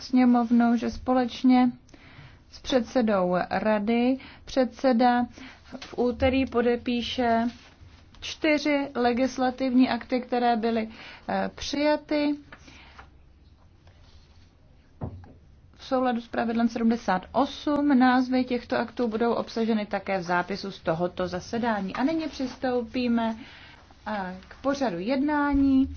sněmovnou, že společně s předsedou rady předseda v úterý podepíše čtyři legislativní akty, které byly eh, přijaty v souladu s pravidlem 78. Názvy těchto aktů budou obsaženy také v zápisu z tohoto zasedání. A nyní přistoupíme eh, k pořadu jednání.